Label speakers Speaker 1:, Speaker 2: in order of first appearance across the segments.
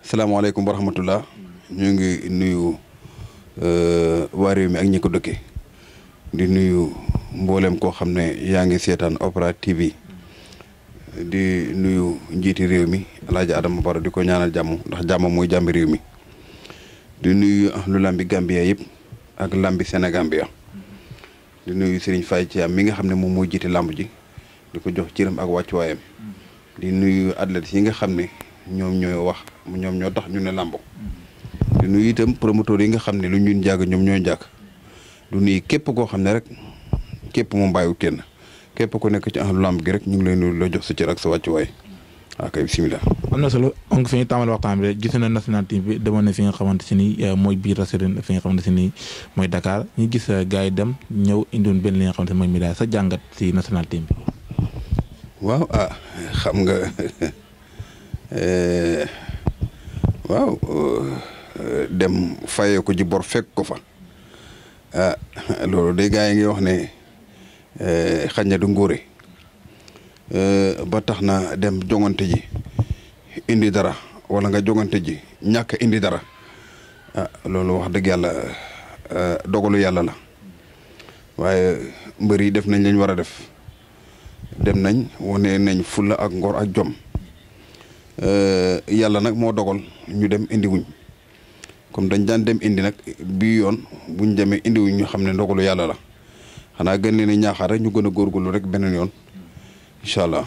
Speaker 1: assalamualaikum wa ñu ngi nuyu euh waré mi ak ñi ko dëkke di nuyu mbolém ko xamné ne yaa Opera TV di nuyu njiti réew mi El adam Adama Barrow di ko ñaanal jamm ndax jamm moy jamm réew mi di nuyu lu lambi Gambia yépp ak lambi Sénégambia di nuyu Serigne ci am mi nga xamné mo moom moo lamb ji. di ko jox cëram ak wàccuwaayam di nuyu athlètes yi nga xam ne ñoom ñooy wax ñoom ñoo tax ñu ne làmb di nuyu itam promoteurs yi nga xam ne lu ñun jàgg ñoom ñoo jàgg lu nuy képp koo xam ne rek képp moom bàyyiwul kenn képp ku nekk ci ahlu làmb gi rek ñu ngi lay nuyu la jox sa cër ak sa wàccuwaay waaw kay bisimilah.
Speaker 2: am na solo on fi ñu tàmbali waxtaan rek gis na national team bi demoon na fi nga xamante si ni euh, mooy biir Rassurène fi nga xamante si ni mooy dakaar ñu gis euh, gars yi dem ñëw indiwoon benn li nga xamante ne mooy médaille sa jàngat si national
Speaker 1: waaw ah xam nga eh, waaw eh, dem fayee ko ji bor ko fa ah loolu day gaa yi ngi wax ne eh, xañ na du nguure ba tax na dem jongante ji indi dara wala nga jongante ji ñàkk indi dara ah loolu wax dëgg yàlla dogalu yàlla la waaye mbër yi def nañ lañ war a def dem nañ wane nañ fulla ak ngor ak jom yàlla nag moo dogal ñu dem indiwuñ wuñ comme dañ daan dem indi nag bii yoon buñ demee indi ñu xam ne ndogalu yàlla la xanaa gën leen a ñaaxaar rek ñu gën a góorgóorlu rek beneen yoon incha allah.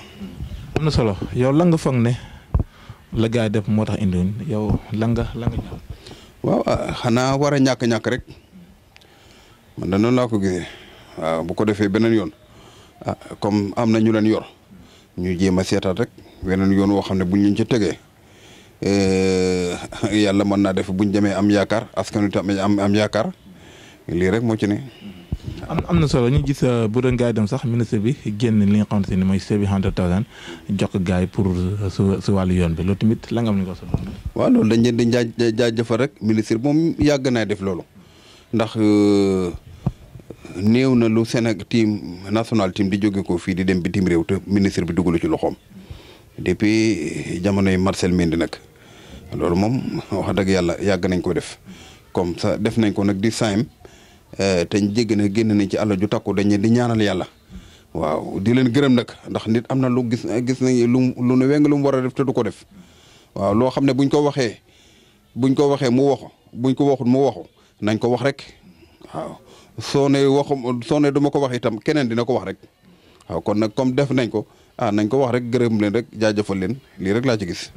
Speaker 2: am na solo yow la nga foog ne la def moo tax indi yow la nga la
Speaker 1: ah, xanaa war ñàkk ñàkk rek man da noonu laa ko gisee waaw ah, bu ko defee beneen yoon. ah comme am na ñu leen yor ñu jéem a seetaat rek weneen yoon woo xam ne buñ ñu ci tegee eh, yàlla mën naa def buñ demee am yaakaar askan wi tam am am yaakaar lii rek moo ci ne.
Speaker 2: am am na solo ñu gis euh, bu doon gars dem sax ministre bi génn li nga xamante ni mooy seven hundred thousand jox ko yi pour euh, su su wàllu yoon bi loolu tamit la nga am ni ko
Speaker 1: solo. dañ leen di jaajëfal rek ministre moom yàgg naa def loolu ndax. Euh, néew na lu Sénégal team national team di joge ko fii di dem bitim réew te ministre bi dugalu ci loxoom depuis jamonoy Marcel Mendy nag loolu moom wax dëgg yàlla yàgg nañ ko def comme sax def nañ ko nag di saam eh, te jégg na génn nañ ci àll ju takku dañ di ñaanal yàlla. waaw di leen gërëm nag ndax nit am na lu gis gis nañ lu lu ne weng lu mu war def te du ko def waaw loo xam ne buñ ko waxee buñ ko waxee mu waxu buñ ko waxut mu waxu nañ ko wax rek soo ne waxum soo ne duma ko wax itam keneen dina ko wax rek kon nag comme def nañ ko ah nañ ko wax rek gërëm leen rek jaajëfal leen lii rek laa ci gis.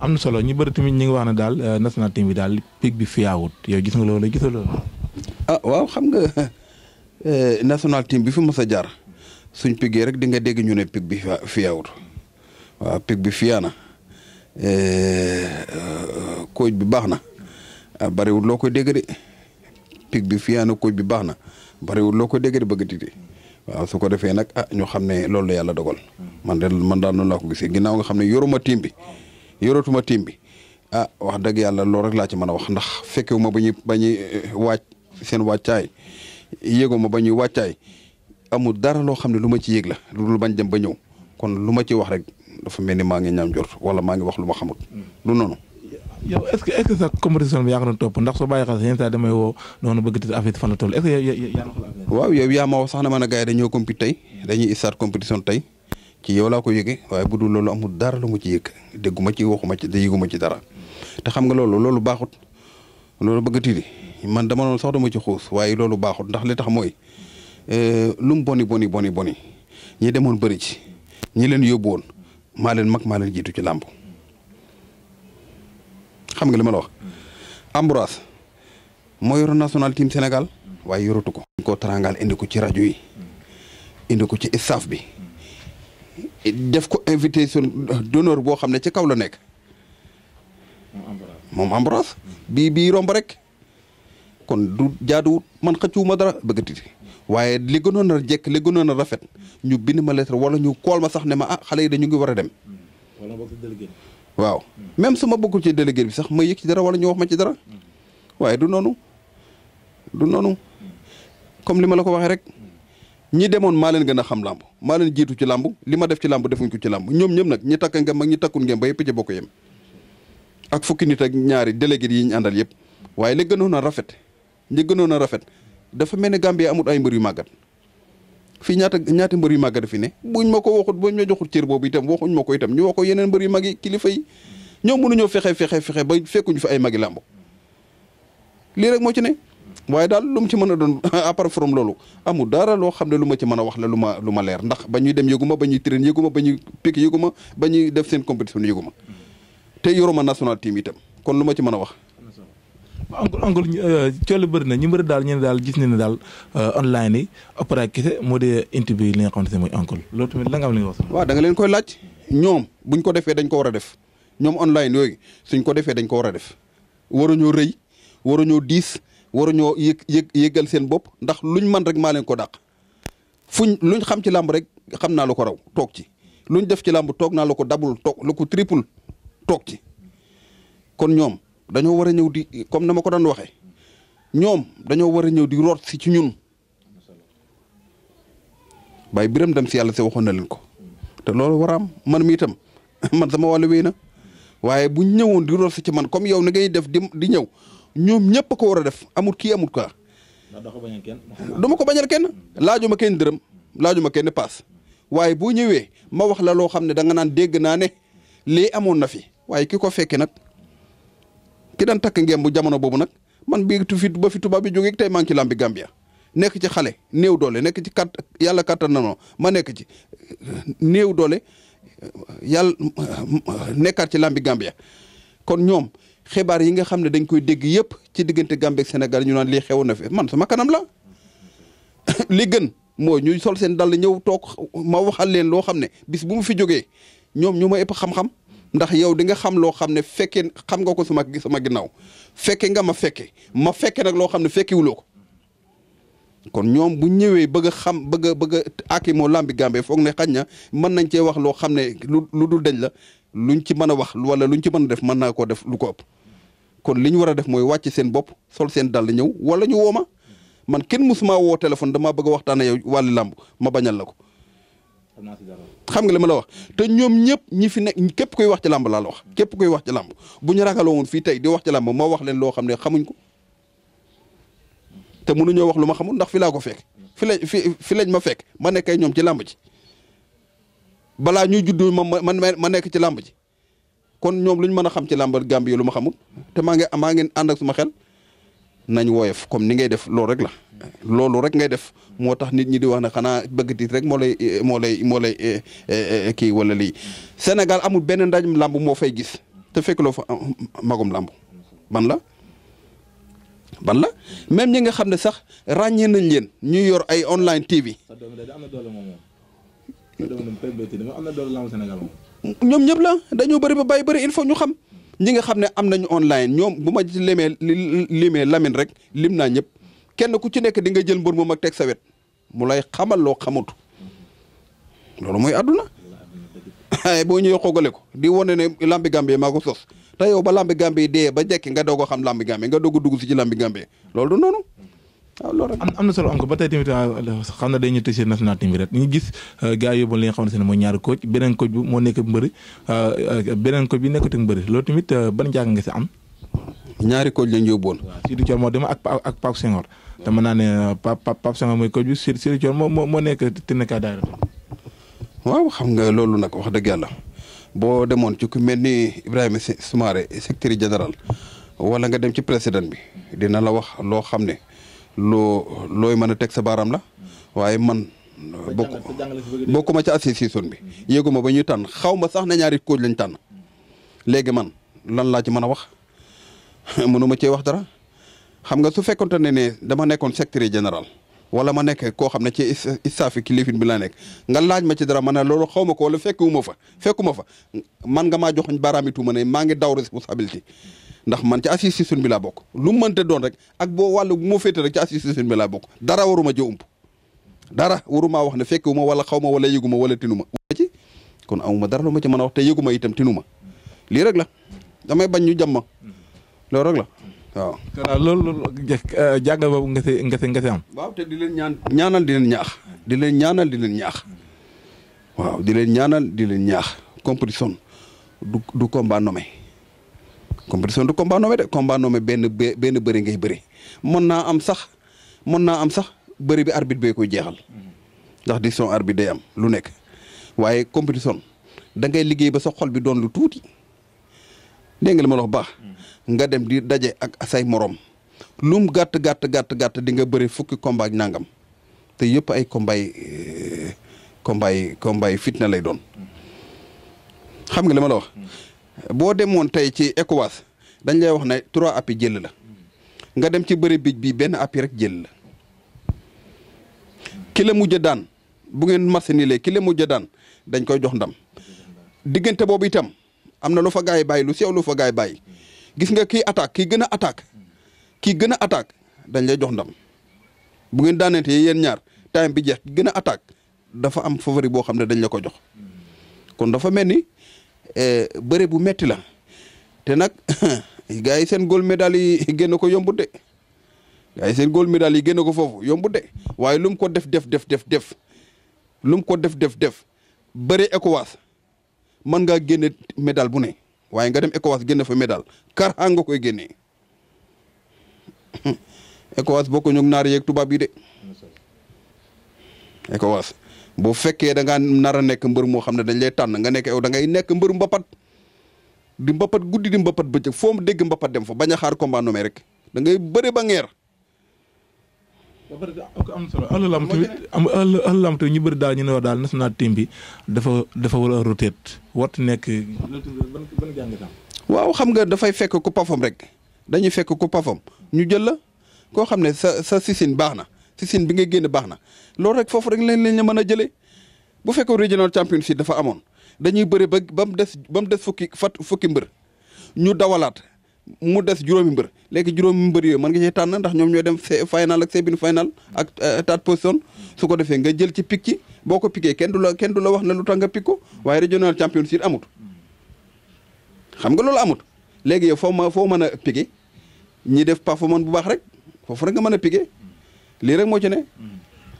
Speaker 2: am na solo ñu bëri tamit ñu ngi wax ne daal euh, national team bi daal pic bi fiyaawut yow gis nga loolu gisal loolu.
Speaker 1: ah waaw xam nga euh, national team bi fi mos a jaar suñ pigee rek di nga dégg ñu ne pic bi fiyaawut waaw pic bi fiyaana euh, coach bi baax na ah, bariwul loo koy dégg de. pig bi fii na kuuj bi baax na bariwul loo ko déggee di bëgg titi waaw su ko defee nag ah ñoo xam ne loolu la yàlla dogal man de man daal noonu laa ko gisee ginnaaw nga xam ne yoruma tiim bi yoratuma tiim bi ah wax dëgg yàlla lool rek laa ci mën a wax ndax fekkewu ma ba ñuy ba ñuy eh, wàcc seen wàccaay yéegu ma ba ñuy wàccaay amul dara loo xam ne lu ma ci yéeg la lu bañ dem ba ñëw kon lu ma ci wax rek dafa mel ni maa ngi ñaam jort wala maa ngi wax lu ma xamut lu noonu
Speaker 2: yow est-ce que est compétition bi yaa ko topp ndax soo bàyyi xel saa damay woo noonu bëgg ti affaire fan la toll est-ce que na ko la
Speaker 1: waaw yow yaa ma wax sax na ma ne gars yi dañoo compétit tey dañuy start compétition tey ci yow laa ko yëgee waaye bu dul loolu amul dara lu mu ci yëg dégguma ci waxuma ci yëguma ci dara te xam nga loolu loolu baaxut loolu bëgg tiidi man dama noonu sax dama ci xuus waaye loolu baaxut ndax li tax mooy eh, lu mu boni boni boni boni ñi demoon bëri ci ñi leen yóbbu woon maa leen mag maa leen jiitu ci làmb xam nga li ma la wax. Ambroise moo yoroon national team Sénégal waaye yoratu ko. dañ koo tarangal indi ko ci rajo yi indi ko ci staff bi def ko invitation d'honneur boo xam ne ci kaw la nekk. moom Ambroise bii bii romb rek kon du jaaduwut man xëccuwuma dara bëggati waaye li gënoon a jekk li gënoon a rafet ñu bind ma lettre wala ñu kool ma sax ne ma ah xale yi dañu ngi war a dem. waaw même su ma bokkul ci délégué bi sax ma yëg ci dara wala ñu wax ma ci dara waaye du noonu du noonu comme li ma la ko waxee rek ñi demoon maa leen gën a xam làmb maa leen jiitu ci làmb li ma def ci làmb defuñ ko ci làmb ñoom ñëpp nag ñi takka ngem mag ñi takkul ngem ba yëpp ci bokk yem ak fukki nit ak ñaari délégué yi ñu àndal yëpp waaye li gënoon a rafet li gënoon a rafet dafa mel ne Gambie amut ay mbër yu màggat fii ñaata ñaata mbër yu màgg dafi ne buñ ma ko waxut buñ ma joxut cër boobu itam waxuñ ma ko itam ñu wax ko yeneen mbër yu mag yi kilifa yi ñoom fexe fexe fexe ba fekkuñu fa ay magi làmb lii rek moo ci ne waaye daal lu mu ci mën a doon à part from loolu amul dara loo xam ne lu ma ci mën a wax la lu ma lu ma leer ndax ba ñuy dem yëguma ba ñuy train yëguma ba ñuy pique yëguma ba ñuy def seen compétition yëguma te yoruma national team itam kon lu ma ci mën a wax
Speaker 2: encore encore coono bëri na ñu bëri daal ñeene daal gis nañ ne daal euh, online yi après kese moo de interview li nga xamante ne mooy encore loolu tamit la nga
Speaker 1: am li nga wax. waaw da nga leen koy laaj ñoom buñ ko defee dañ ko war a def ñoom online yooyu suñ ko defee dañ ko war a def waruñoo rëy waruñoo diis waruñoo yëg yëg yëgal seen bopp ndax luñ man rek maa leen ko dàq fuñ luñ xam ci làmb rek xam naa lu ko raw toog ci luñ def ci làmb toog naa lu ko dabul toog lu ko triple toog ci kon ñoom. dañoo war a ñëw di comme na ma ko doon waxee ñoom dañoo war a ñëw di root si ci ñun waaye biram dem si yàlla si waxoon na leen ko te loolu war am man mi itam man sama wàllu wéy na waaye bu ñëwoon di root si ci man comme yow ni ngay def di di ñëw ñoom ñëpp ko war a def amul kii amul quoi. du ma ko bañal kenn laaju ma kenn dërëm laaju ma kenn paas waaye boo ñëwee ma wax la loo xam ne da nga naan dégg naa ne lii amoon na fi waaye ki ko fekkee nag. ki daan takk ngeen bu jamono boobu nag man bii tu fi ba fi tubaab bi jógee tey maa ngi ci làmbi Gambia nekk ci xale néew doole nekk ci kat yàlla kattan na ma nekk ci néew doole yàlla nekkaat ci làmbi Gambia kon ñoom xibaar yi nga xam ne dañ koy dégg yëpp ci diggante Gambie ak Sénégal ñu naan li xew na fi man sama kanam la li gën mooy ñu sol seen dàll ñëw toog ma waxal leen loo xam ne bis bu mu fi jógee ñoom ñu ma ëpp xam-xam. ndax yow di nga xam loo xam ne fekkee xam nga ko sama sama ginnaaw fekke nga ma fekke ma fekke nag loo xam ne fekkewuloo ko kon ñoom bu ñëwee bëgg xam bëgg a bëgg a aki moo làmbi gàmbe foog ne xañ na mën nañ cee wax loo xam ne lu lu dul dañ la luñ ci mën a wax wala luñ ci mën a def mën naa koo def lu ko ëpp kon li ñu war a def mooy wàcc seen bopp sol seen dàll ñëw wala ñu wooma man kenn mësumaa woo téléphone damaa bëgg a waxtaan yow wàlli làmb ma bañal la ko
Speaker 2: xam
Speaker 1: nga li la wax te ñoom ñëpp ñi fi nekk képp koy wax ci làmb laa la koy wax ci làmb bu ñu ragaloo woon fii tey di wax ci làmb moo wax leen loo xam ne xamuñ ko te mënuñoo wax lu ma xamul ndax fi laa ko fekk fi lañ fi fi lañ ma fekk ma nekkee ñoom ci làmb ji balaa ñuy juddu ma ma ma nekk ci làmb ji kon ñoom lu ñu mën a xam ci làmb Gambie lu ma xamul te maa ngi maa ngi ànd ak suma xel nañ woyof comme ni ngay def loolu rek la. loolu rek ngay def moo tax nit ñi di wax ne xanaa bëgg rek moo lay moo lay moo lay eh, eh, kii wala lii Sénégal amul benn ndajum làmb moo fay gis te fekk loo fa ah, magum làmb ban la ban la même ñi nga xam ne sax ràññee nañ leen ñu yor ay online TV. ñoom ñëpp la dañoo bari ba bàyyi bari il faut ñu xam ñi nga xam ne am nañu online ñoom bu ma limee lamin rek lim naa ñëpp. kenn ku ci nek di nga jël mulai mu mak tek sa wet mu lay xamal lo xamut loolu mooy àdduna waaye ko di woné né lambi Gambie mako sos tay yow ba lambi Gambie dé ba jekki nga dogo xam lambi Gambie nga dogo dugg ci lambi Gambie lolu du noonu. waaw
Speaker 2: loolu solo encore ba tey tamit ah, xam na dañuy national team bi rek ñu gis ah, gaay yu yóbbu li nga xamante mo ñaar coach benen coach bu mo nekk mbeuri benen coach bi mbeuri ah, timit ban jang nga ci am. ñaari coach lañ yobone Sidou Thior mo dem ak ak pak Senghor te mën naa ne euh, Pape Pape Sanga mooy coach bi Sidi Sidi Thion moo moo moo nekk Tineka Daara.
Speaker 1: waaw xam nga loolu nag wax dëgg yàlla boo demoon ci ku mel ni Ibrahima Soumaré secrétaire général wala nga dem ci président bi dina la wax loo xam ne loo looy mën a teg sa baaraam la waaye man. bokk bokkuma ci association bi yéeguma ba ñuy tànn xaw ma sax na ñaari coach lañ tànn léegi man lan laa ci mën a wax mënuma cee wax dara xam nga su fekkonte ne ne dama nekkoon secrétaire général wala ma nekk koo xam ne ci istaafi kilifin bi laa nekk nga laaj ma ci dara ma ne loolu xaw ma ko wala fekku ma fa fekku ma fa man nga maa joxoñ baaraam ituma ne maa ngi daw responsabilité ndax man ci association bi laa bokk lu mënte doon rek ak boo wàllu bu ma féete rek ci association bi laa bokk dara waruma ji ump dara waruma wax ne fekku wala xaw ma wala yëgu ma wala tinuma ci kon amuma dara lu ma ci mën wax te yëgu ma itam tinuma lii rek la damay bañ ñu jàmm loolu la waaw xanaa loolu loolu eh, jàngal boobu nga si nga si nga si am. waaw te di leen ñaan ñaanal di leen ñaax di leen ñaanal di leen ñaax waaw di leen ñaanal di leen ñaax compétition du du combat nommé compétition beri combat nommé de combat nommé benn benn bëri ngay bëri mën naa am sax mën naa dégg nga li ma baax mm. nga dem di daje ak say morom lum gàtt gàtt gàtt gàtt di nga bëri fukki combat nangam te yëpp ay combat yi eh, combat yi combat yi fitna lay doon mm. xam nga li ma la wax. Mm. boo demoon tey ci ECOWAS dañ lay wax ne trois appuis jël la nga dem ci bëri bij bi benn appui rek jël la ki mujj daan bu ngeen marché nii ki la mujj daan dañ koy jox ndam diggante boobu itam. am na lu fa gars yi bàyyi lu sew lu fa gars yi gis nga kii attaque kii gën a attaque kii gën a attaque dañ lay jox ndam bu ngeen daanante yéen ñaar time bi jeex gën a attaque dafa am favori boo xam ne dañ la ko jox kon dafa mel ni eh, bëre bu metti la te nag gars yi seen góol médaille génn ko yombut de gars yi seen góol médaille yi génn ko foofu yombut de waaye lum ko def def def def def lu ko def def def bëre ECOWAS man nga medal médaille bu ne waye nga dem ECOWAS génne fa médaille kar ha nga koy génne ECOWAS bokkuñu ak naar yeeg tuba bi de ECOWAS bu fekkee da nga nara nek mbeur mo moo ne dañ lay tan nga nek yow da ngay nek mbeur mbapat di mbapat guddi di mbapat bëccëg fo mu dégg mbapat dem fa baña xaar combat nomé rek da ngay ba ngeer
Speaker 2: ba pare am solo ëllëg am tamit am ëllëg am tamit ñu bëri daal ñu ne wax daal national team bi dafa
Speaker 1: dafa war a rotate warut nekk.
Speaker 2: ban ban
Speaker 1: waaw xam nga dafay fekk ku pafam rek dañuy fekk ku pafam ñu jël la koo xam ne sa sa sisin baax na sisin bi ngay génne baax na loolu rek foofu rek leen lañ la mën a jëlee bu fekkoon regional championship dafa amoon dañuy bëri ba ba mu des ba mu des fukki fat fukki mbër ñu dawalaat. mu des juróomi mbër léegi juróomi mbër yooyu mën nga cee tànn ndax ñoom ñooy dem final ak semi final ak eh, third position su ko defee nga jël ci picc ci boo ko piqué kenn du la kenn du la wax na lu tax nga pique ko waaye régional championship amut xam nga loolu amut léegi yow foo ma foo mën a piqué ñi def performance bu baax rek foofu rek nga mën a piqué lii rek moo ci ne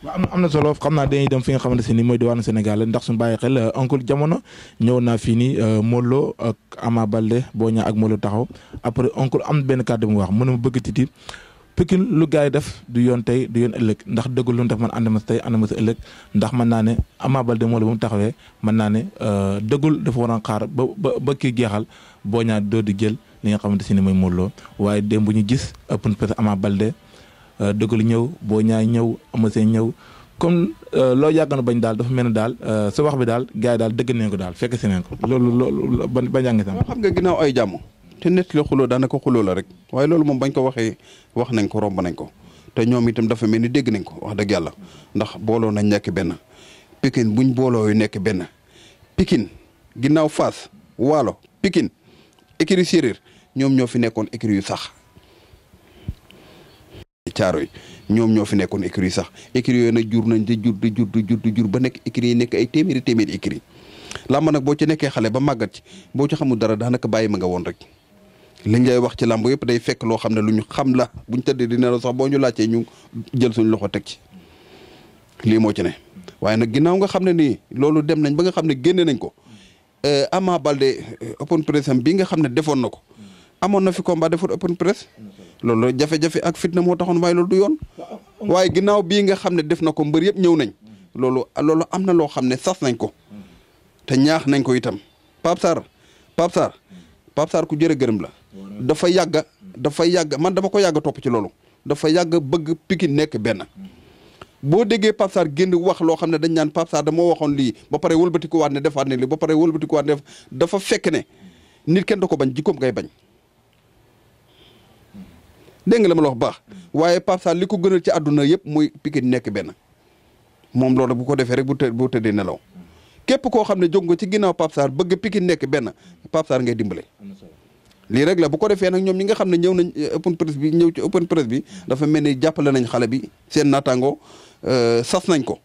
Speaker 2: waaw am na solo xam na naa dañuy dem fi nga xamante si ni mooy diwaanu Sénégal ndax suñu bàyyi xel oncle euh, jamono ñëw naa fii nii euh, Modou Lo ak Ama Baldé boo ñaa ak Modou taxaw après oncle am benn kàddu mu wax mu ne ma bëgg titi Pikine lu gars yi def du yoon tey du yoon ëllëg ndax dëggul lu mu def man ànd ma si tey ànd ma si ëllëg ndax mën naa ne Ama Baldé Modou Lo taxawee mën naa ne euh, dëggul dafa war a xaar ba ba ba kii jeexal boo ñaa doo di jël ni nga xamante si ni mooy Modou Lo waaye démb bu ñu gis ëpp na peut-être Ama Baldé Euh, dëggal ñëw boo ñaay ñëw amasee ñëw comme euh, loo yàggoon bañ daal dafa mel ne daal euh, sa wax bi daal gaa yi daal dëgg nañ ko daal fekk si nañ ko loolu loolu ba ba njàng tam
Speaker 1: xam nga ginnaaw ay jàmm te nett la xuloo daanaka xuloo la rek waaye loolu moom bañ ko waxee wax nañ ko romb nañ ko te ñoom itam dafa mel ni dégg nañ ko wax dëgg yàlla ndax booloo nañ nekk benn Pikine buñ booloo nekk benn Pikine ginnaaw Fass Waalo pikin écurie Séeréer ñoom ñoo fi nekkoon écurie yu sax caaro yi ñoom ñoo fi nekkoon écurie sax écurie yooyu nag jur nañ di jur di jur jur ba nekk écurie yi nekk ay téeméeri téeméeri écurie làmb nag boo ci nekkee xale ba màggat ci boo ci xamul dara daanaka bàyyi ma nga woon rek liñ lay wax ci làmb yëpp day fekk loo xam ne lu ñu xam la buñ tëddee dina la sax boo ñu laajtee ñu jël suñu loxo teg ci lii moo ci ne waaye nag ginnaaw nga xam ne nii loolu dem nañ ba nga xam ne génne nañ ko euh, Ama Baldé euh, open press bi nga xam ne defoon na ko amoon na fi combat deful open press loolu jafe-jafe ak fitna moo taxoon waaye loolu du yoon waaye ginnaaw bii nga xam ne def na ko mbër yëpp ñëw nañ loolu loolu am na loo xam ne sas nañ ko te ñaax nañ ko itam Pape Sarr Pape Sarr Pape ku jërë gërëm la dafa yàgg dafa yàgg man dafa ko yàgg topp ci loolu dafa yàgg bëgg Pikine nekk benn boo déggee Pape Sarr wax loo xam ne dañ ñaan Pape Sarr dama waxoon lii ba pare wëlbatikuwaat ne defaat ne ba pare wëlbatikuwaat ne def dafa fekk ne nit kenn da ko bañ jikkoom ngay bañ dégg nga la ma baax waaye Pape Sarr li ko gënal ci àdduna yëpp mooy Pikine nekk benn moom loolu bu ko defee rek bu të bu nelaw képp koo xam ne jóg nga ci ginnaaw Pape bëgg Pikine nekk benn Pape Sarr dimbale. lii rek la bu ko defee nag ñoom ñi nga xam ne ñëw nañ euh, open press bi ñëw ci open press bi dafa mel ni jàppale nañ xale bi seen naataango euh, sas nañ ko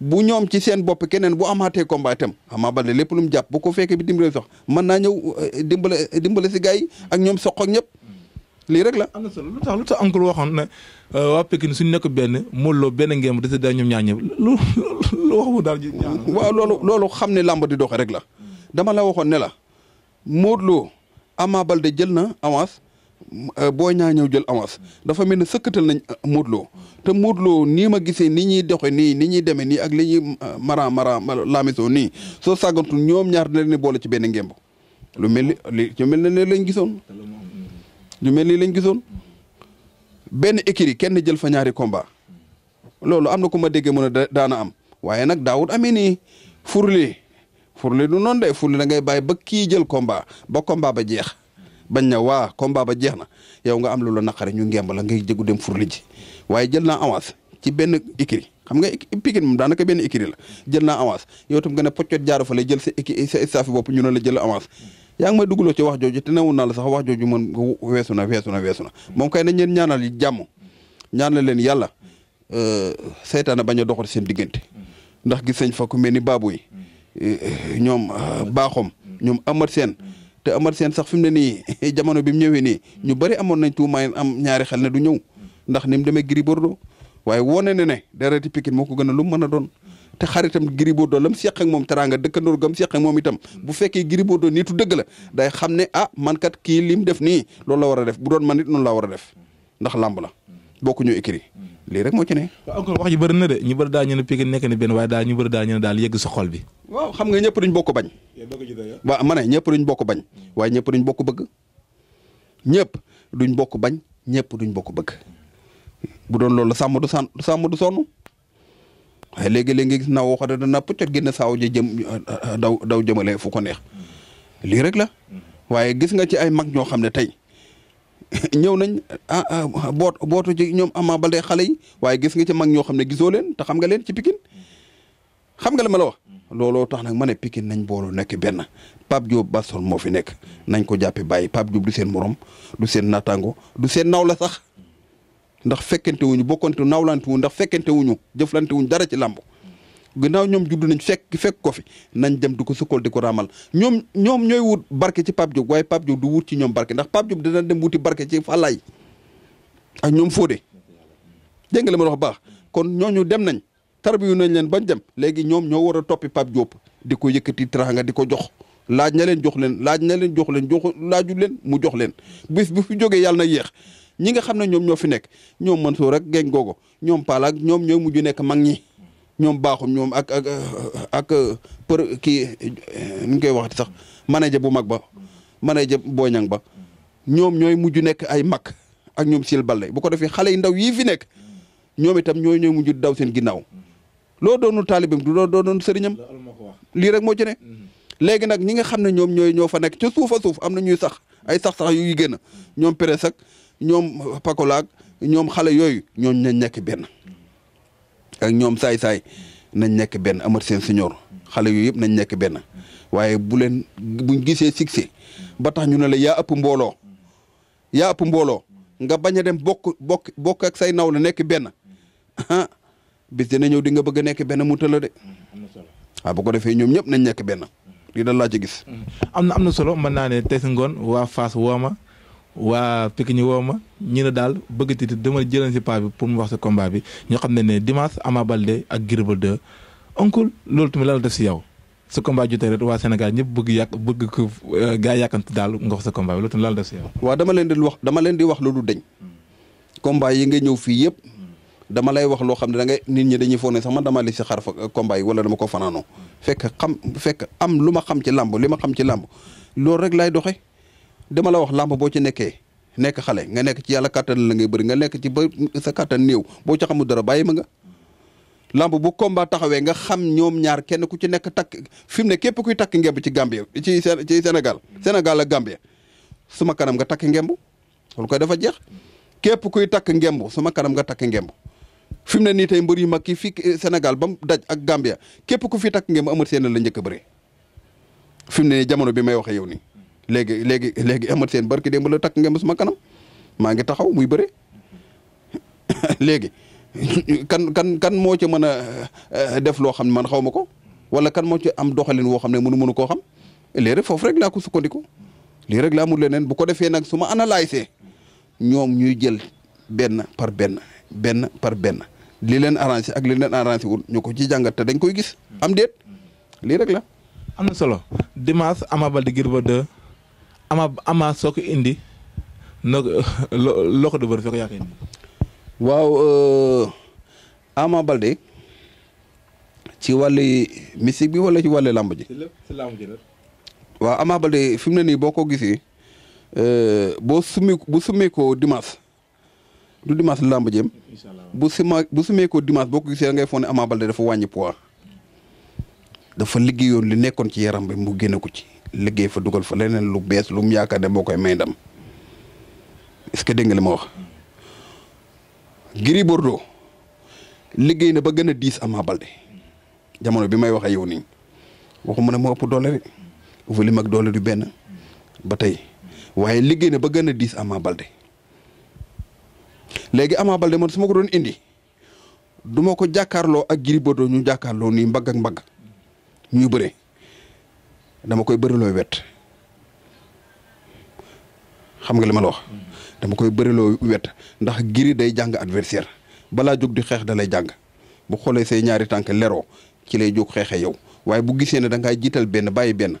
Speaker 1: bu ñoom ci seen bopp keneen bu amaatee combat itam Ama Baldé lépp lu jàpp bu ko fekkee bi dimbale sax mën naa ñëw euh, dimbale dimbale si gars yi ak ñoom soq ñëpp. lii rek la. am lu tax lu tax oncle waxoon ne euh, waa Pikine suñ nekk benn Modou Lo benn ngeen des da ñoom ñaar ñëpp lu lu waxu daal xam ne làmb di rek la. dama la waxoon ne la Modou Lo Ama jël na avance euh, boo Niang ñëw jël avance dafa mel ni sëkkatal nañ euh, Modou Lo te Modou Lo nii ma gisee ni ñuy doxe nii ni ñuy demee nii ak li ñuy mara mara laamisoo nii soo sàggantu ñoom ñaar dina leen boole ci benn ngemb lu mel ni li ci mel ne lañ gisoon. ñu mel nii lañ gisoon benn écurie kenn jël fa ñaari combat loolu am na ku ma déggee mu ne daana am waaye nag daawut amee nii furli furli du noonu de furli da ngay bàyyi ba kii jël combat ba combat ba jeex bañ na waa combat ba jeex na yow nga am lu la naqare ñu ngemb la ngay jégu dem furli ji waaye jël naa avance ci benn écurie xam nga Pikine moom daanaka benn écurie la jël naa avance yow tam nga ne poccot jaaru fa lay jël sa sa staff ñu ne la jël avance yaa ngi may ci wax jooju te na naa la sax wax jooju man weesu na weesu na weesu na moom kay nañ leen ñaanal yi jàmm ñaanal leen yàlla euh, seytaane bañ a doxal seen diggante ndax gis nañ fa ku mel ni baabu euh, ñoom euh, baaxoom ñoom amat seen te amat seen sax fi mu ne nii jamono bi mu ñëwee nii ñu bari amoon nañ tuumaay am ñaari xel ne du ñëw ndax ni mu demee Gris Bordeaux waaye wone ne ne dereti Pikine moo ko gën a lu mu mën a doon te xaritam Gris Bordeaux lam seq ak moom teraanga dëkkandoor gam seq ak moom itam bu fekkee Gris Bordeaux nitu dëgg la day xam ne a ah, man kat kii lim def nii loolu la war a def bu doon man it noonu la war a def ndax làmb la bokkuñu écrit lii rek moo ci ne.
Speaker 2: waaw encore wax ji bëri na de ñu bëri daal ñu nekk ni benn waaye daal ñu bëri daal ñu ne daal yegg sa bi.
Speaker 1: waaw xam nga ñëpp duñ bokk bañ. waaw ma ne ñëpp duñ bokk bañ waaye ñëpp duñ bokk bëgg ñëpp duñ bokk bañ ñëpp duñ bokk bëgg bu doon loolu sàmm du sàmm du sonn waaye léegi-léegi nga gis na woo xam ne dana pëccat saaw ji jëm euh, euh, daw daw jëmale ko neex lii rek la waaye gis nga ci ay mag ñoo xam ne tey ñëw nañ ah, ah, boot bootu jeg ñoom Ama Baldé xale yi waaye gis nga ci mag ñoo xam ne gisoo leen te xam nga leen ci Pikine xam nga la ma la wax looloo tax nag ma ne nañ boolu nekk benn Pape Diop Baston moo fi nekk nañ ko jàppe bàyyi Pape Diop du seen morom du seen naataango du seen naw la sax ndax fekkentewuñu wuñu bokkante nawlante wuñu ndax fekkente wuñu jëflante dara ci làmb ginnaaw ñoom judd nañ fekk fekk ko fi nañ dem di ko sukkal di ko raamal ñoom ñoom ñooy wut barke ci Pape Diop waaye Pape Diop du ci ñoom barke ndax Pape Diop dina dem wuti barke ci ak ñoom Fodé dégg nga li ma wax baax kon ñooñu dem nañ tarbiyu nañ leen bañ dem léegi ñoom ñoo war a toppi Pape Diop di ko yëkkati teraanga di ko jox laaj na leen jox leen laaj na leen jox leen jox laaju leen mu jox leen bis bu fi jógee yàlla na yéex ñi nga xam ne ñoom ñoo fi nekk ñoom Mansour ak Geng Gogo ñoom Pala ak ñoom ñooy mujj nekk mag ñi ñoom baaxum ñoom ak ak ak për kii nu koy waxati sax manager bu mag ba manager booñang ba ñoom ñooy mujj nekk ay mag ak ñoom sil balle bu ko defee xale yu ndaw yii fi nekk ñoom itam ñooy ñooy mujj daw seen ginnaaw loo doonul taalibam du loo doonoon sëriñam lii rek moo ci ne mm-hmm. léegi nag ñi nga xam ne ñoom ñooy ñoo fa nekk ca suuf suuf am na ñuy sax ay sax sax yu gën a ñoom presse ak Nyom pakolak nyom xale yoy nyom nañ nekk ben ak ñoom saay-saay nañ nekk ben amat sen siñoor xale yoy yëpp nañ nekk benn waaye bu leen buñ gisee succès ba tax ñu ne la yaa ëpp mbooloo yaa ëpp nga bañ dem bok bok bok ak say naw la nekk benn bis dina ñëw di nga bëgg a nekk benn mu tëla de waaw bu ko nañ gis
Speaker 2: amna amna solo man tes waa piki ñu woo ma ñu ne daal bëgg tiit dama jëlan si paa bi pour mu wax sa combat bi ñu xam ne ne dimanche Ama Baldé ak Gris Bordeaux oncle loolu tamit lan la def si yow sa combat jotee rek waa Sénégal ñëpp bëgg yàq bëgg ko euh, gaa yàkkamti daal nga sa combat bi loolu tamit lan si yow.
Speaker 1: dama leen di wax dama leen di wax loolu deñ combat yi nga ñëw fii yëpp dama lay wax loo xam ne da ngay nit ñi dañuy foog ne sax man dama li si xar fa euh, combat yi wala dama ko fanaanoo fekk xam fekk am lu ma xam ci làmb li ma xam ci làmb loolu rek lay doxe dama la wax lamb neke ci nekké nek xalé nga nek ci yalla kàttan la ngay bëri nga nek ci sa kàttan néew bo ci xamul dara bayima nga lamb bu combat taxawé nga xam ñom ñaar kenn ku ci nek tak fim mu ne képp kuy tak ngemb ci Gambie ci ci Sénégal Sénégal ak Gambie suma kanam nga tak lu koy dafa jeex képp kuy tak ngemb suma kanam nga tak ngemb fim ne ni tay mbeur yu mag yi fii Sénégal ba mu daj ak gambie képp ku fi tak ngemb amul seen la ñëk fim ne jamono bi may waxe yow ni léegi léegi léegi Eumeu Sène barki démb la takk ngeen suma kanam maa ngi taxaw muy bëre léegi kan kan kan moo ci mën a euh, def loo xam ne man xaw ma ko wala kan moo ci am doxalin woo xam ne mënu mënu koo xam lii rek foofu rek laa ko sukkandiku lii rek laa mun leneen bu ko defee nag su ma analysé ñoom ñuy jël benn par benn benn par benn li leen arrangé ak li leen arrangé wul ñu ko ci jàngat te dañ koy gis am déet lii rek la. am na solo Dimanche Ama Baldé Gris Bordeaux ama ama soo ko indi noo loo ko dëbër soo ko indi waaw euh, Ama Baldé ci wàlli mystique bi wala ci wàlli làmb ji waaw Ama Baldé fi mu ne nii boo ko gisee euh, boo summi bu summee ko dimanche du dimanche làmb jëm bu suma bu summee ko dimanche boo ko gisee da ngay foog ne Ama dafa wàññi poids dafa liggéeyoon li nekkoon ci yaram bi mu génne ko ci liggéey fa dugal fa leneen lu bees lu mu yaakaar ne moo koy may ndam est-ce que dégg nga li ma wax. Gris Bordeaux liggéey na ba gën a diis am Baldé jamono bi may wax ak yow nii waxuma ne moo ëpp doole rek volume ak doole du benn ba tey waaye liggéey na ba gën a diis Ama Baldé léegi Ama Baldé man su ma ko doon indi du ma ko jàkkaarloo ak Gris Bordeaux ñu jàkkaarloo nii mbagg ak mbagg. ñuy bëre dama koy bëriloo wet xam nga li ma la wax dama koy bëriloo wet ndax giri day jàng adversaire balaa jóg di xeex da jàng bu xoolee say ñaari tànk leroo ci lay jóg xeexee yow waaye bu gisee ne da jiital benn bàyyi benn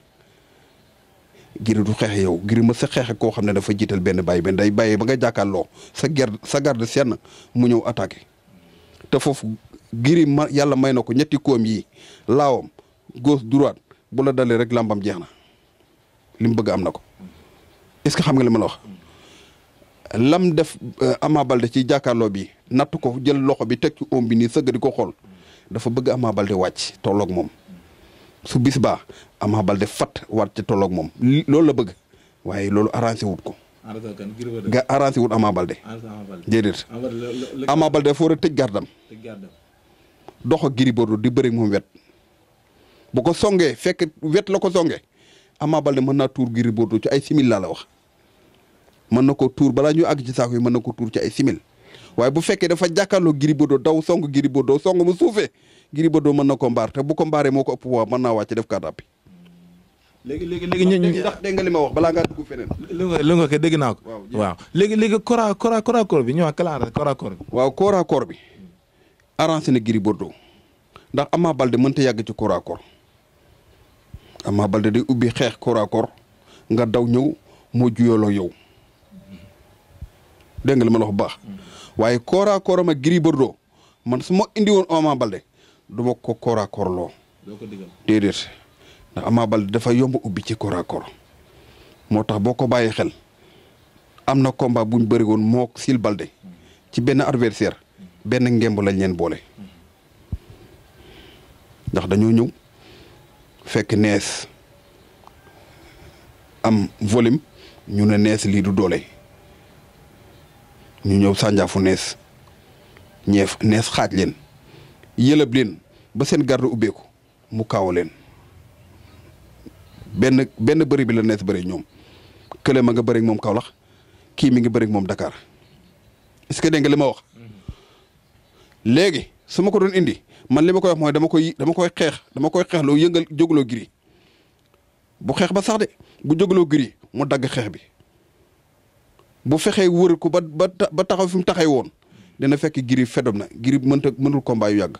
Speaker 1: giri du xeexe yow giri ma sa xeexe koo xam ne dafa jiital benn bàyyi benn day bàyyi ba nga jàkkaarloo sa garde sa garde mu ñëw attaqué te foofu giri ma yàlla may na ko ñetti koom yi laawom gauche droite bu la dalee rek làmbam jeex na li mu bëgg am na ko est-ce que xam nga li ma la wax. lam def euh, Ama Balde ci jàkkaarloo bi natt ko jël loxo bi teg ci oom bi nii sëgg di xool dafa bëgg Ama Balde wàcc tolloog moom su bis baa Ama Balde fat wàcc tolloog moom loolu la bëgg waaye loolu arrangé wut ko. nga arrangé wut Ama Balde. déedéet Ama Balde foo rek tëj gardam dox ak Gris Bordeaux di bëri moom wet. bu ko songee fekk wet la ko songee Ama Baldé mën naa tuur Gris Bordeaux ci ay simil laa la wax mën na ko tuur balaa ñu àgg ci saako yi mën na ko tuur ci ay simil waaye bu fekkee dafa jàkkaarloo Gris Bordeaux daw song Gris Bordeaux song mu suufee Gris Bordeaux mën na ko mbaar bu ko mbaaree moo ko ëpp waa mën naa wàcc def kàddaap bi. léegi léegi léegi ñu ñu ndax nga li ma wax balaa ngaa dugg feneen.
Speaker 2: li nga li nga ko dégg naa ko.
Speaker 1: waaw léegi koor bi ñëwaat kalaare kora koor bi. waaw kora koor bi arrangé na Gris Bordeaux ndax Ama Baldé mënta yàgg ci kora koor Ama Baldé day ubbi xeex corps à nga daw ñëw moo juyooloo yow dégg nga li ma la baax waaye corps ma corps am man su ma indiwoon woon Ama du ma ko corps loo. ko digal déedéet ndax Ama Baldé dafa yomb ubbi ci corps à moo tax boo ko bàyyi xel am na combat bu ñu bëri woon moo Sil Baldé ci benn adversaire benn ngemb lañ leen boole ndax dañoo ñëw. fekk nees am volim ñu ne nees lii du doole ñu ñëw sànjaafu nees ñeef nees xaaj leen yëlëb leen ba seen gardu ubbeeku mu kaaw leen benn benn bëri bi la nees bari ñoom kële ma nga bëri moom kawlax kii mi ngi bëri moom dakaar est-ce que dégg nga li ma wax mm-hmm. léegi su ma ko doon indi man li ma koy wax mooy dama koy dama koy xeex dama koy xeex loo yëngal jógloo gri bu xeex ba sax de bu jógloo gri mu dagg xeex bi bu fexee wër ko ba ba taxaw fi mu taxay woon dina fekk giri fedom na giri mënta mënul combat yu yàgg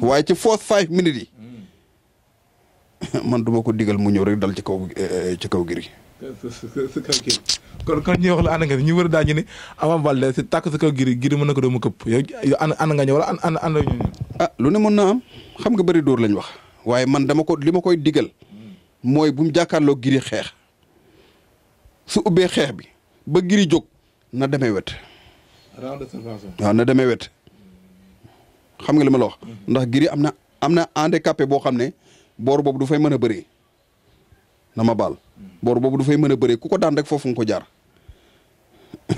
Speaker 1: waaye ci force five minutes yi man duma ko digal mu ñëw rek dal ci kaw eh, eh, ci kaw giri
Speaker 2: sa kaw kii kon kon ñuy wax la ànd nga ñu wër daa ñu ne Ama Baldé si tàkk sa kaw giri giri mën na ko doon mu këpp yow ànd
Speaker 1: nga ñu a ànd ànd ñu ah lu ne mën na am xam nga bari dóor lañ wax waaye man dama li ma koy digal mooy bu mu jàkkaarloo giri xeex su ubbee xeex bi ba giri jóg na demee wet
Speaker 2: waaw
Speaker 1: na demee wet xam nga li ma la wax mm-hmm. ndax giri am na am na handicapé boo xam ne boor boobu du fay mën a bëree na ma baal boor boobu dafay mën a bëree ku ko rek fofu ngi ko jaar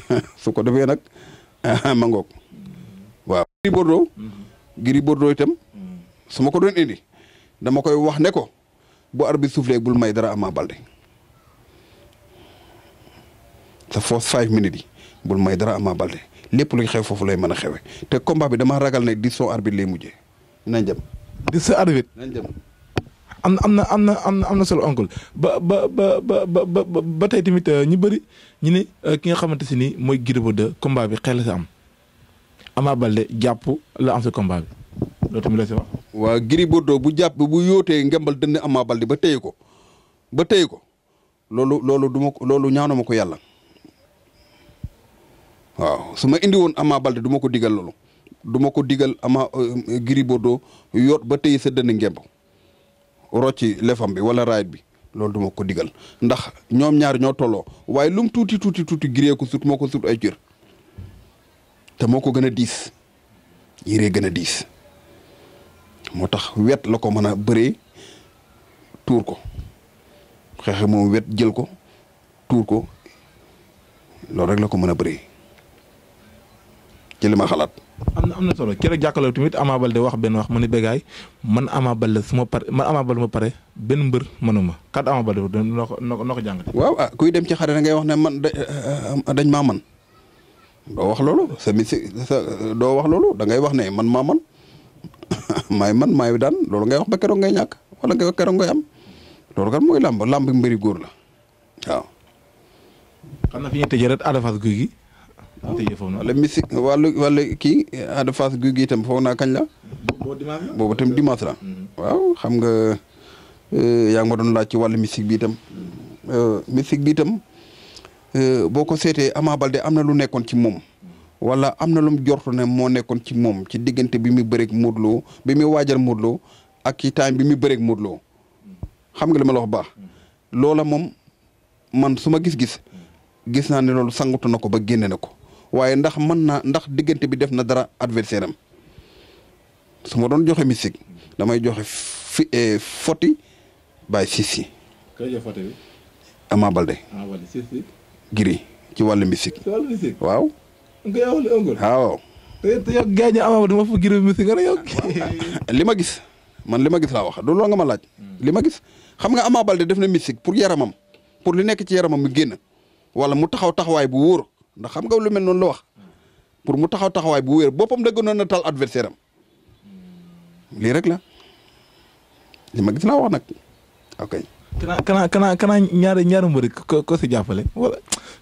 Speaker 1: suko defé nak mangok wa giri bordo giri bordo itam. su ko don indi dama koy wax ne ko bu arbitre soufflé bul may dara Ama balde sa first five minutes bul may dara Ama balde lépp luy xew fofu lay meuna xewé te combat bi dama ragal ne di son arbitre lay mujjé nañ dem. di arbitre nañ dem. am
Speaker 2: am na am na am na am na solo oncle ba ba ba ba ba ba tey tamit euh, ñu bëri ñu ne euh, ki nga xamante si nii mooy Gris Bordeaux combat bi xel la si am Ama Baldé jàpp
Speaker 1: la am si combat loolu tamit waa Gris Bordeaux bu jàpp bu yootee ngembal dënn Ama Baldé ba tey ko ba tey ko loolu loolu du loolu ñaanuma ko yàlla waaw su ma indi woon Ama Baldé du ko digal loolu du ko digal Ama euh, Gris Bordeaux yoot ba tey sa dënn ngemb rocci lefam bi wala raayit bi loolu duma ko digal ndax ñoom ñaar ñoo tolloo waaye lum tuuti tuuti tuuti giree ko sut moo ko sut ay cër te moo ko gën a diis yëree gën a diis moo tax wet la ko mën a bëree tuur ko xeexe moom wet jël ko tuur ko loolu rek la ko mën a bëree ci lima xalat
Speaker 2: amna amna solo Ama balde wax ben wax mané ne man Ama la suma paré man Ama ma pare ben mbeur manuma kat Ama do noko noko jangati
Speaker 1: waaw ah kuy dem ci xaré da ngay wax né man eh, eh, dañ ma man do wax lolu sa misi sa wax lolu da ngay wax né man ma man may man may dan lolu ngay wax ba ngay ñak wala ngay keroog ngay am lolu kat moy lamb lamb mbeuri góor la waaw. xamna fiñu fi ñuy wala mystique wàllu wàllu kii Ada Fass guy gi itam foog naa kañ la. boobu itam dimanche la. waaw xam nga yaa ngi ma doon laaj ci wàllu mystique bi itam. mystique bi itam boo ko seetee Ama Baldé am na lu nekkoon ci moom. wala am na lu mu jortu ne moo nekkoon ci moom ci diggante bi mu bëreeg Modou bi mu waajal Modou ak ci time bi mu bëreeg Modou xam nga li ma la wax baax. loola moom man su ma gis-gis. gis naa ne loolu sangutu na ko ba génne na ko. waaye ndax man naa ndax diggante bi def na dara adversaire am ma doon joxe mystique damay joxe fi eh, foti bàyyi siis si. Ama Balde. ci wàllu mystique. ci wàllu mystique waaw. nga waaw. li ma gis man li ma gis laa wax du loo nga ma laaj. Hmm. li ma gis xam nga Ama Balde def na mystique pour yaramam pour li nekk ci yaramam mu génn wala mu taxaw taxawaay bu wóor. ndax xam nga lu mel noonu la wax pour mu taxaw taxawaay bu wéer boppam da noon na tal adversaire am lii rek la li ma gis laa wax nag
Speaker 2: ok. kana kana kana ñaari ñaari mbëri ko ko si jàppale wala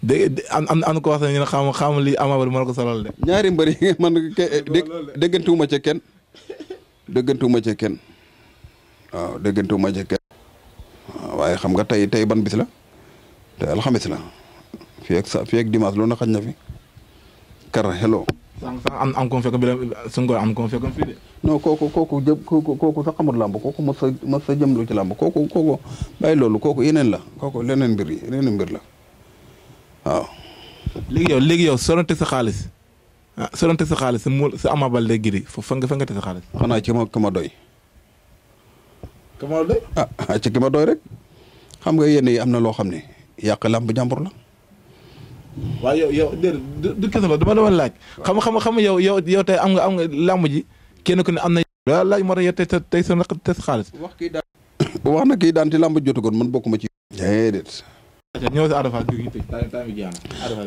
Speaker 2: dégg am am ko wax ne xam xam li Ama Baldé mën ko solal de. ñaari mbëri man
Speaker 1: déggantuwuma ca kenn déggantuwuma ca kenn waaw waaye xam nga tey tey ban bis la te alxamis la. fii ak sa fii ak dimanche loolu na xaj na fi. kar hello.
Speaker 2: sànq sax am am ko fekk bi la Senghor
Speaker 1: am ko làmb kooku mos a mos a jëmlu ci làmb kooku kooku bàyyi loolu kooku yeneen la kooku leneen mbir yi leneen mbir la
Speaker 2: waaw. léegi yow léegi yow sorante sa xaalis ah sorante sa xaalis sa muul sa Ama Baldé
Speaker 1: Gris fa nga fa nga te sa xaalis. xanaa ci ma ka ma doy. ka ma doy. ah, ah ci ki doy rek xam nga yenn yi am na loo xam ne yàq làmb jàmbur la.
Speaker 2: waaye yow yow déedéet du question la dama doon xam xam xam yow yow yow tey am nga am nga làmb ji kenn ku ne am na. waaw laaj moo tax yow xaalis. wax kii daan
Speaker 1: wax na kii daan ci làmb jotagoon man bokkuma ci. déedéet.
Speaker 2: ñëw si Ada Fass Gouy Gui tey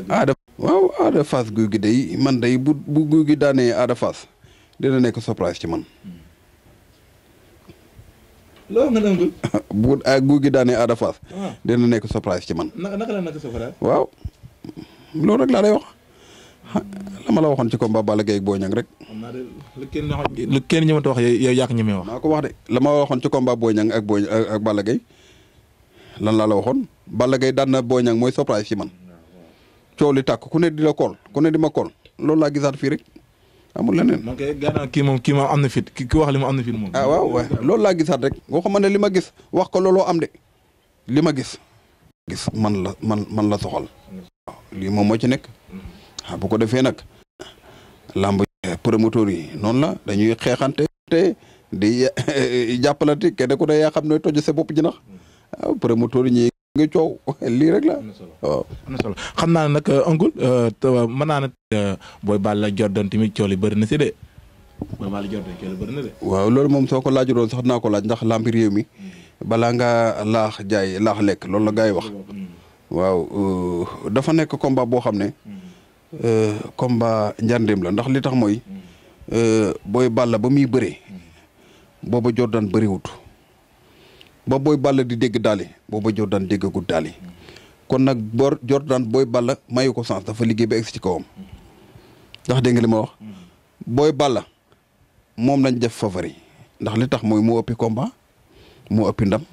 Speaker 1: Ada day man day bu bu gi Gui daanee Ada Fass dina nekk surprise ci man. Hmm. loolu nga nangu. bu ah, Gouy Gui daanee ah. nekk surprise ci man. naka waaw. loolu rek laa lay wax la ma la waxoon ci combat Balla Gaye ak Boy Niang rek.
Speaker 2: lu kenn ñëwante wax yow yaa ko ñemee wax. maa ko wax de
Speaker 1: la ma waxoon ci combat Boy Niang ak Boy ak Balla Gaye lan laa la waxoon Balla Gaye daan na Boy Niang mooy surprise ci man coow li tàkk ku ne di la kool ku ne di ma loolu laa gisaat fii rek amu leneen. man kay gannaaw kii moom kii am na fit ki wax li ma am na fit moom. ah waaw waaw loolu laa gisaat rek waxuma ne li ma gis wax ko looloo am de li ma gis. gis man la man man la soxal. lii moom moo ci nekk mm-hmm. ah, bu ko defee nag làmb promoteur yi noonu la dañuy xeexante te di jàppalante kenn ku de yaa xam ne toj sa bopp jinax mm-hmm. ah, promoteur yi ñi ngi coow lii rek la waaw
Speaker 2: xam naa ne nag ongul euh, euh, euh, mën naa ne booy Balla Jordan tamit coow li na si de
Speaker 1: booy Balla Jordan coow li bëri na waaw loolu moom soo ko laajuroon sax naa ko laaj ndax làmbi réew mi mm-hmm. balaa nga laax jaay laax lekk loolu la gars wax waaw euh, dafa nekk combat boo xam ne. Euh, combat njarndéem la ndax li tax mooy. Euh, booy Balla ba muy bëree. booba Jordan bëriwut. ba booy Balla di dégg daali booba Jordan déggagut daali. kon nag bor Jordan booy Balla mayu ko sens dafa liggéey ba egg ci kawam. ndax dégg nga wax. booy Balla moom lañ def favori ndax li tax mooy moo ëppi combat moo ëppi ndam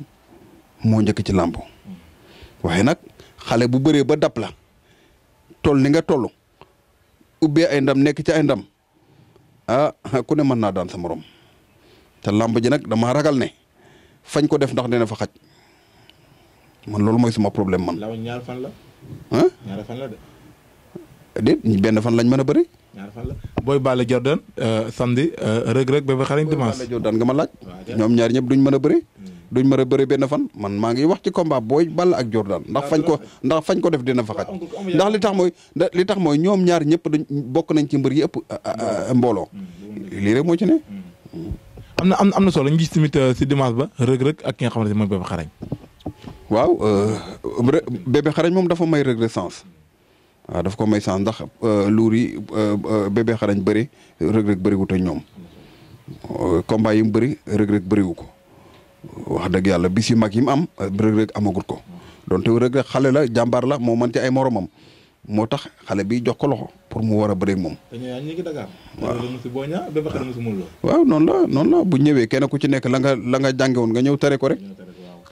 Speaker 1: moo njëkk ci làmb nag. xale bu bëree ba dab la toll ni nga toll ubbee ay ndam nekk ci ay ndam ah ku ne mën naa daan sa morom te làmb ji nag damaa ragal ne fañ ko def ndax dina fa xaj man loolu mooy suma problème man. la. ah ñaar fan la de. déet benn fan lañ mën a bëri. ñaar la booy Balla Jordan euh, samedi rëg rëg ba ba xarañ dimanche. booy Balla Jordan nga ma laaj. ñoom ñaar ñëpp duñ mën a bëri. duñ mën a bëri benn fan man maa ngi wax ci combat booy Balla ak Jordan ndax fañ ko ah, ndax fañ ko def dina fa xaj ndax li tax mooy li tax mooy ñoom ñaar ñëpp dañ bokk nañ ci mbër yi ëpp ah, ah, mbooloo mm, lii rek moo ci ne mm.
Speaker 2: Mm. am na am na solo ñu gis tamit euh, si dimanche ba rëg-rëg ak ki nga xamante ne
Speaker 1: mooy bébé xarañ waaw euh, bébé xarañ moom dafa may rëg-rëg daf ko may sens ndax euh, luur yi bébé xarañ bëri rëg-rëg bëriwut ak ñoom combat yi mu bëri rëg-rëg bëriwu ko wax dëgg yàlla bis yu mag yi mu am Reug Reug amagut ko donte Reug Reug xale la jàmbaar la moo man ci ay moromam moo tax xale bi jox ko loxo pour mu war a bëreeg moom. waaw noonu la noonu la bu ñëwee kenn ku ci nekk la nga la nga jàngewoon nga ñëw tere ko rek.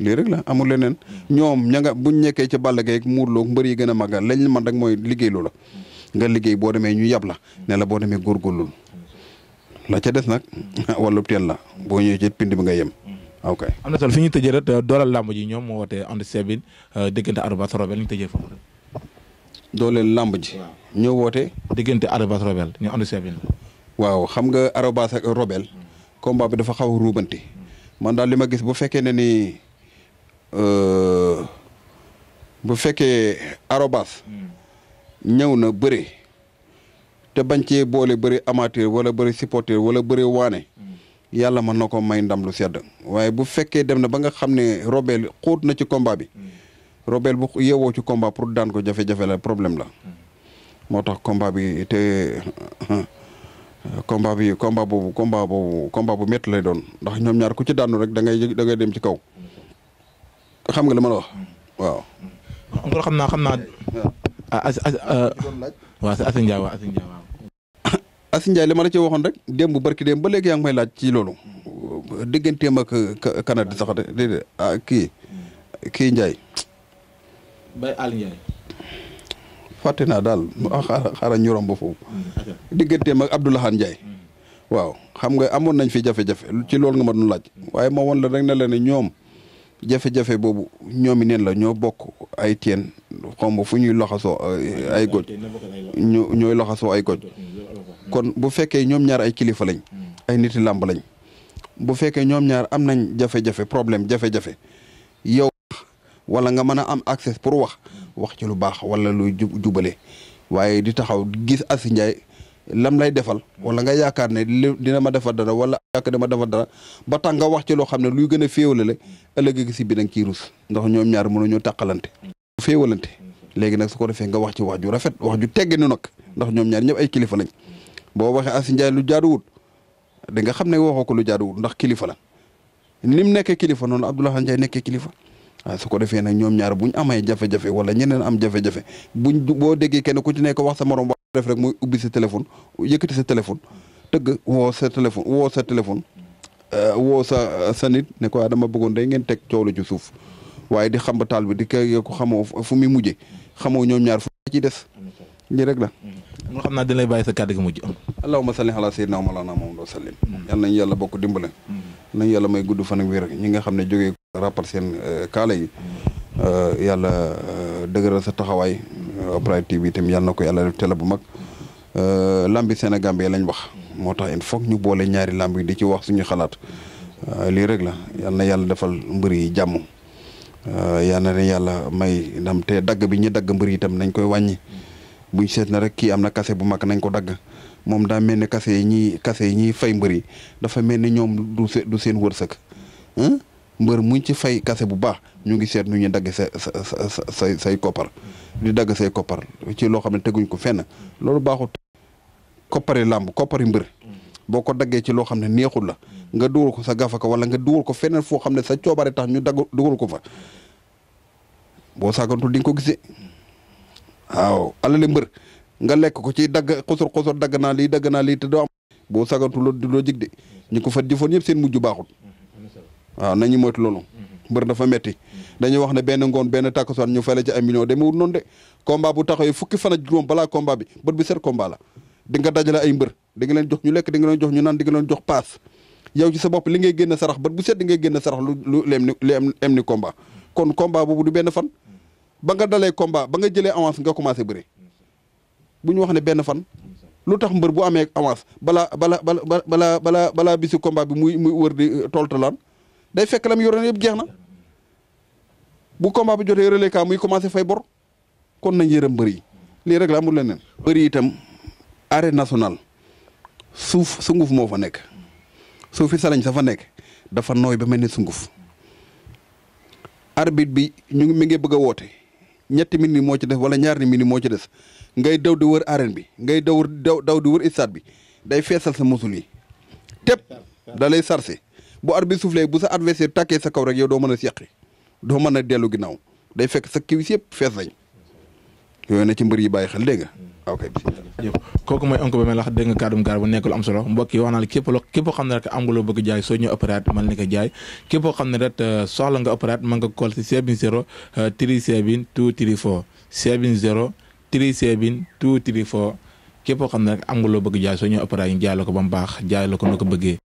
Speaker 1: lii rek la amul leneen ñoom ña nga buñ nekkee ci Balla Gaye ak Modou Lo mbër yi gën a màgg lañ man rek mooy liggéey loola. nga liggéey boo demee ñu yab la ne la boo demee góorgóorlu la ca des nag wàllu teen la boo ñëwee ci pind bi nga yem. ok am na solo ñu tëjee
Speaker 2: rek euh, dooleel làmb ñoom moo wootee ànd seebin euh, diggante Arobase Robel ñu tëjee foofu.
Speaker 1: dooleel làmb ji. ñoo woote. diggante Arobase Robel ñu ànd seebin la. waaw xam nga Arobase ak Robel. combat bi dafa xaw a ruubante. man daal li ma gis bu fekkee ne ni euh, bu fekkee Arobase. ñëw na bëre. te bañ cee boole bëri amateur wala bëri supporter wala bëri waane. Mm. yàlla mën na ko may ndam lu sedd waaye bu fekkee dem na ba nga xam ne Robel xóot na ci combat bi Robel bu yeewoo ci combat pour daan ko jafe-jafe la problème la moo tax combat bi te combat bi combat boobu combat boobu combat bu métti lay doon ndax ñoom ñaar ku ci daanu rek da ngay da ngay dem ci kaw xam nga li ma la wax waaw.
Speaker 2: encore xam naa xam naa.
Speaker 1: ah Asi Ndiaye le ma la ci waxoon rek démb barki démb ba léegi yaa ngi may laaj ci loolu digganteem ak sax de déedéet ah kii kii fàtte naa daal xaaral ñu romb foofu. Mm-hmm. digganteem ak Abdoulahan Ndiaye. Mm-hmm. waaw xam nga amoon nañ fi jafe-jafe ci loolu nga ma doon laaj. Mm-hmm. waaye ma woon la rek na la ne ñoom. jafe-jafe boobu ñoomi neen la ñoo bokk ay teen xomb fu ñuy loxasoo euh, ay goj ñu ñooy loxasoo ay goj kon bu fekkee ñoom ñaar ay kilifa lañ ay nit làmb lañ bu fekkee ñoom ñaar am nañ jafe-jafe problème jafe-jafe yow wala nga mën a am accès pour wax wax ci lu baax wala lu jubale waaye di taxaw gis Asi Ndiaye lam lay defal wala nga yaakaar ne dina ma defal dara wala yaakaar dama defal dara ba tax nga wax ci loo xam ne luy gën a féewalale ëllëg si bi da nga ciy ruus ndax ñoom ñaar mënuñoo tàqalante féewalante léegi nag su ko defee nga wax ci wax ju rafet wax ju tegginu nag ndax ñoom ñaar ñëpp ay kilifa lañ boo waxee Asi Njaay lu jaaduwut da nga xam ne waxoo ko lu jaaduwut ndax kilifa la ni mu nekkee kilifa noonu Abdoulaye Njaay nekkee kilifa waaw su ko defee nag ñoom ñaar bu ñu amee jafe-jafe wala ñeneen am jafe-jafe buñ boo déggee kenn ku ci nekk wax sa morom wax def rek muy ubbi sa téléphone yëkkati sa téléphone tëgg woo sa téléphone woo sa téléphone euh, woo sa euh, sa nit ne ko ah, dama bëggoon day ngeen teg coow la ci suuf waaye di xamba taal bi di ko xamoo fu muy mujje xamoo ñoom ñaar fu ci des lii la mu xam naa dañ lay bàyyi sa kàddu gi mujj allahumma salli ala sayyidina wa mawlana Muhammad wa sallim mm. yal nañu yàlla bokk dimbale mm. nañu yàlla may gudd fan ak wér ñi nga xam ne jógee rappal seen euh, kaala yi euh, yàlla euh, dëgëral sa taxawaay Upright TV itam yàlla na ko yàlla def télé bu mag lambi Sénégal bi lañ wax moo tax il faut ñu boole ñaari lamb yi di ci wax suñu xalaat lii rek la yal na yàlla defal mbër yi jàmm yal na yàlla may ndam te dagg bi ñu dagg mbër yi itam nañ koy wàññi buñ seet na rek kii am na kase bu mag nañ ko dagg moom daa mel ni kase yi ñuy kase yi ñuy fay mbër yi dafa mel ni ñoom du seen du seen wërsëg mbër muñ ci fay kase bu baax ñu ngi seet nu ñu dagg sa sa say say koppar di dagg say koppar ci loo xam ne teguñ ko fenn loolu baaxut koppari làmb koppari mbër boo ko daggee ci loo xam ne neexul la nga dugal ko sa gafaka wala nga dugal ko feneen foo xam ne sa coobare tax ñu dagg dugal ko fa boo sàggantul di ko gisee ala alali mbër nga lekk ko ci dagg xusur xusur dagg naa lii dagg naa lii te doo am boo sagantu loo loo jig de ñu ko fa jëfoon yëpp seen mujj baaxul waaw nañu moytu loolu mbër dafa metti wax ne ñu ci de combat bu taxawee fukki fan ak juróom combat bi bët bi set combat la di nga dajale ay mbër di nga leen jox ñu lekk di nga leen jox ñu naan di nga leen jox paas yow ci sa bopp li ngay génn sarax bët bu set di ngay génn sarax lu lu lem ni lu ni combat kon combat boobu du benn fan ba nga dalee combat ba nga jëlee avance nga commencé bëre bu ñu wax ne benn fan lu tax bu amee avance balaa balaa balaa balaa balaa bisu combat bi muy muy wër di euh, toltalaan day fekk lam yoroon yëpp jeex bu combat bi jotee relais ka muy commencé fay bor kon nañ yërëm mbër yi lii rek la amul leneen. mbër yi itam sunguf mo fa nekk suufi salañ sa fa dafa ba sunguf arbitre bi ñu ngi mi bëgg ñetti minit moo ci def wala ñaari minit moo ci des ngay daw di wër arène bi ngay daw daw di wër stade bi day feesal sa mosul yi tépp da lay sarse bu arbitre soufflé bu sa adversaire tàkkee sa kaw rek yow doo mën a seqi doo mën a dellu ginnaaw day fekk sa kiwis yëpp fees nañ yooyu na ci mbër yi bàyyi xel dégg nga mm. ok bisimilah
Speaker 2: kooku mooy oncle ba melax dégg nga kàddum gaar bu nekk lu am solo mbokk yi képp loo xam ne rek am nga loo bëgg jaay soo ñëw opérat man ni ko jaay képp xam ne rek euh, soxla nga opérat man nga call si 70 37 234 70 képp xam ne rek am nga loo bëgg jaay soo ñëw opérat yi jaay la ko ba mu baax jaay la ko noo ko bëggee.